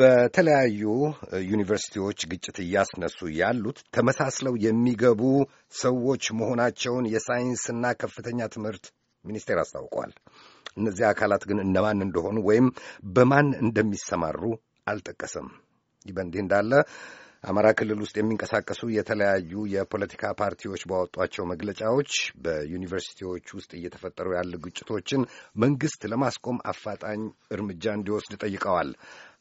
በተለያዩ ዩኒቨርሲቲዎች ግጭት እያስነሱ ያሉት ተመሳስለው የሚገቡ ሰዎች መሆናቸውን የሳይንስና ከፍተኛ ትምህርት ሚኒስቴር አስታውቋል። እነዚህ አካላት ግን እነማን እንደሆኑ ወይም በማን እንደሚሰማሩ አልጠቀሰም። ይህ በእንዲህ እንዳለ አማራ ክልል ውስጥ የሚንቀሳቀሱ የተለያዩ የፖለቲካ ፓርቲዎች ባወጧቸው መግለጫዎች በዩኒቨርሲቲዎች ውስጥ እየተፈጠሩ ያሉ ግጭቶችን መንግስት ለማስቆም አፋጣኝ እርምጃ እንዲወስድ ጠይቀዋል።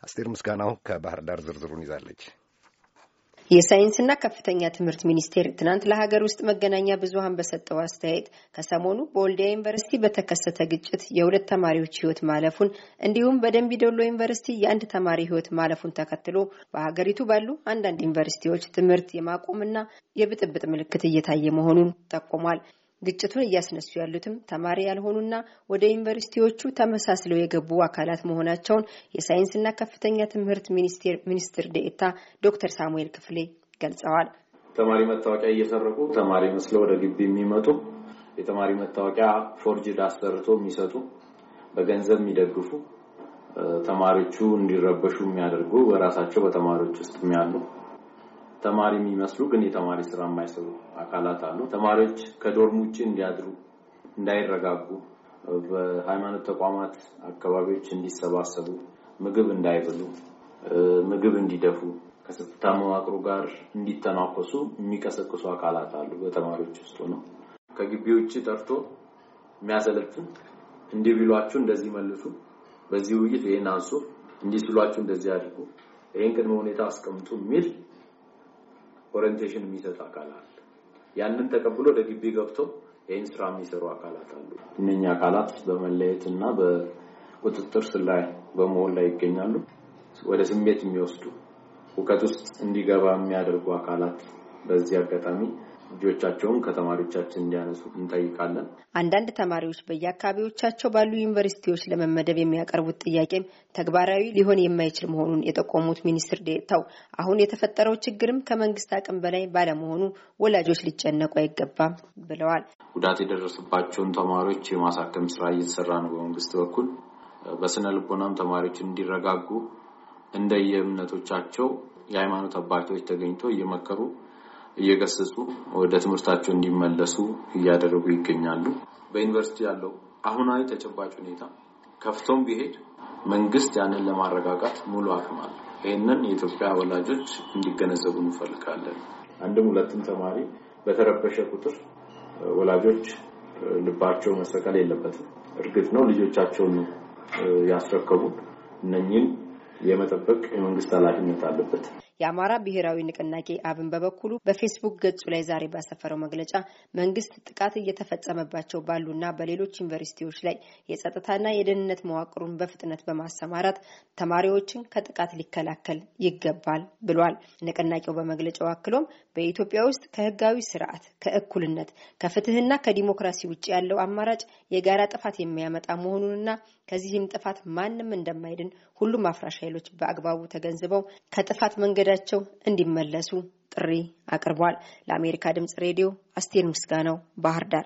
አስቴር ምስጋናው ከባህር ዳር ዝርዝሩን ይዛለች። የሳይንስና ከፍተኛ ትምህርት ሚኒስቴር ትናንት ለሀገር ውስጥ መገናኛ ብዙኃን በሰጠው አስተያየት ከሰሞኑ በወልዲያ ዩኒቨርሲቲ በተከሰተ ግጭት የሁለት ተማሪዎች ሕይወት ማለፉን እንዲሁም በደምቢ ዶሎ ዩኒቨርሲቲ የአንድ ተማሪ ሕይወት ማለፉን ተከትሎ በሀገሪቱ ባሉ አንዳንድ ዩኒቨርሲቲዎች ትምህርት የማቆምና የብጥብጥ ምልክት እየታየ መሆኑን ጠቁሟል። ግጭቱን እያስነሱ ያሉትም ተማሪ ያልሆኑና ወደ ዩኒቨርሲቲዎቹ ተመሳስለው የገቡ አካላት መሆናቸውን የሳይንስና ከፍተኛ ትምህርት ሚኒስቴር ሚኒስትር ዴኤታ ዶክተር ሳሙኤል ክፍሌ ገልጸዋል። ተማሪ መታወቂያ እየሰረቁ ተማሪ መስለው ወደ ግቢ የሚመጡ የተማሪ መታወቂያ ፎርጅድ አሰርቶ የሚሰጡ በገንዘብ የሚደግፉ ተማሪዎቹ እንዲረበሹ የሚያደርጉ በራሳቸው በተማሪዎች ውስጥ የሚያሉ ተማሪ የሚመስሉ ግን የተማሪ ስራ የማይሰሩ አካላት አሉ። ተማሪዎች ከዶርም ውጭ እንዲያድሩ፣ እንዳይረጋጉ፣ በሃይማኖት ተቋማት አካባቢዎች እንዲሰባሰቡ፣ ምግብ እንዳይበሉ፣ ምግብ እንዲደፉ፣ ከጸጥታ መዋቅሩ ጋር እንዲተናኮሱ የሚቀሰቅሱ አካላት አሉ። በተማሪዎች ውስጥ ነው። ከግቢ ውጭ ጠርቶ የሚያሰለጥን እንዲህ ቢሏችሁ እንደዚህ መልሱ፣ በዚህ ውይይት ይህን አንሱ፣ እንዲህ ሲሏችሁ እንደዚህ አድርጉ፣ ይህን ቅድመ ሁኔታ አስቀምጡ የሚል ኦሪንቴሽን የሚሰጥ አካል አለ። ያንን ተቀብሎ ወደ ግቢ ገብተው ይህን ስራ የሚሰሩ አካላት አሉ። እነኛ አካላት በመለየት እና በቁጥጥር ስር ላይ በመሆን ላይ ይገኛሉ። ወደ ስሜት የሚወስዱ እውቀት ውስጥ እንዲገባ የሚያደርጉ አካላት በዚህ አጋጣሚ ልጆቻቸውን ከተማሪዎቻችን እንዲያነሱ እንጠይቃለን። አንዳንድ ተማሪዎች በየአካባቢዎቻቸው ባሉ ዩኒቨርሲቲዎች ለመመደብ የሚያቀርቡት ጥያቄም ተግባራዊ ሊሆን የማይችል መሆኑን የጠቆሙት ሚኒስትር ዴኤታው አሁን የተፈጠረው ችግርም ከመንግስት አቅም በላይ ባለመሆኑ ወላጆች ሊጨነቁ አይገባም ብለዋል። ጉዳት የደረሰባቸውን ተማሪዎች የማሳከም ስራ እየተሰራ ነው በመንግስት በኩል። በስነ ልቦናም ተማሪዎች እንዲረጋጉ እንደየእምነቶቻቸው የሃይማኖት አባቶች ተገኝቶ እየመከሩ እየገሰጹ ወደ ትምህርታቸው እንዲመለሱ እያደረጉ ይገኛሉ። በዩኒቨርሲቲ ያለው አሁናዊ ተጨባጭ ሁኔታ ከፍቶም ቢሄድ መንግስት ያንን ለማረጋጋት ሙሉ አቅም አለ። ይህንን የኢትዮጵያ ወላጆች እንዲገነዘቡ እንፈልጋለን። አንድም ሁለትም ተማሪ በተረበሸ ቁጥር ወላጆች ልባቸው መሰቀል የለበትም። እርግጥ ነው ልጆቻቸውን ያስረከቡ እነኝህን የመጠበቅ የመንግስት ኃላፊነት አለበት። የአማራ ብሔራዊ ንቅናቄ አብን በበኩሉ በፌስቡክ ገጹ ላይ ዛሬ ባሰፈረው መግለጫ መንግስት ጥቃት እየተፈጸመባቸው ባሉና በሌሎች ዩኒቨርሲቲዎች ላይ የጸጥታና የደህንነት መዋቅሩን በፍጥነት በማሰማራት ተማሪዎችን ከጥቃት ሊከላከል ይገባል ብሏል። ንቅናቄው በመግለጫው አክሎም በኢትዮጵያ ውስጥ ከህጋዊ ስርዓት፣ ከእኩልነት፣ ከፍትህና ከዲሞክራሲ ውጭ ያለው አማራጭ የጋራ ጥፋት የሚያመጣ መሆኑንና ከዚህም ጥፋት ማንም እንደማይድን ሁሉም አፍራሻ ኃይሎች በአግባቡ ተገንዝበው ከጥፋት መንገዳቸው እንዲመለሱ ጥሪ አቅርቧል። ለአሜሪካ ድምጽ ሬዲዮ አስቴር ምስጋናው ባህር ዳር